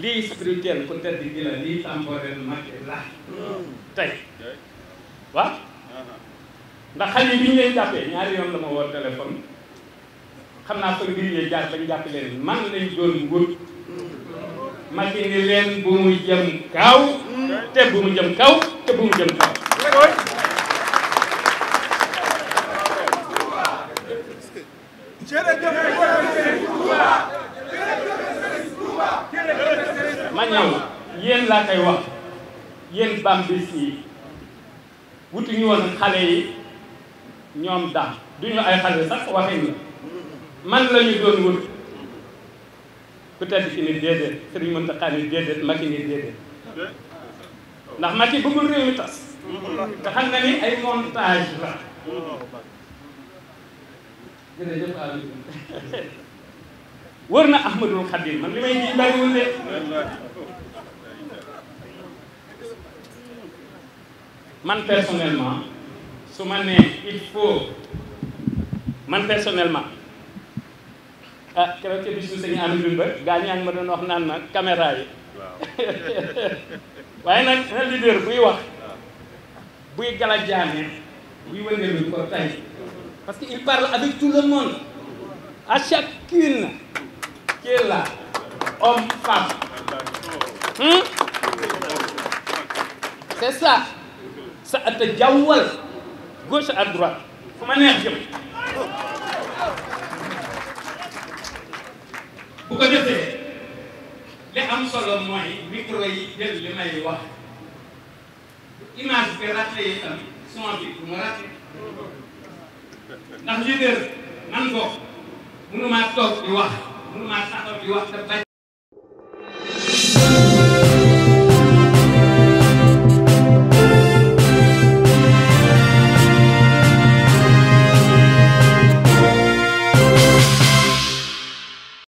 lii spirituel ku tedd gi la lii temporel Macky la tey waaw ndax xale yi bi ñu leen jàppee ñaari yoon la ma woo téléphone xam naa ko mbir yi jaar bañ jàpp man lañ doon wut Macky leen bu mu jëm kaw te bu mu jëm kaw te bu mu jëm kaw jërëjëf ma ñëw yéen laa koy wax yéen bambis yi wutu ñu woon xale yi ñoom dax duñu ay xale sax waxin la man la ñu doon wut peut-être ki ni déedéet Serigne Mountakha ni déedéet Macky ni déedéet ndax Macky bëggul réew mi tas te xam na ni ay montage la wër na Ahmadul Xadim man li may ji bariwul de man personnellement su ma nee il faut man personnellement ah keroog ca bisu sëñ Amidou Ba gaañ yaa ngi ma doon wax naan na caméra yi waaye nag na leader buy wax buy galajaane buy wëndeelu ko tey parce que il parle avec tout le monde à chacune qui est là, homme, femme. Hmm? C'est ça. Ça a été jawwal, gauche à droite. fu am solo mooy micro yi jël li may wax image bi raté son bi du ma raté ndax man ko mënumaa toog di mënuma taxaw di wax te bañ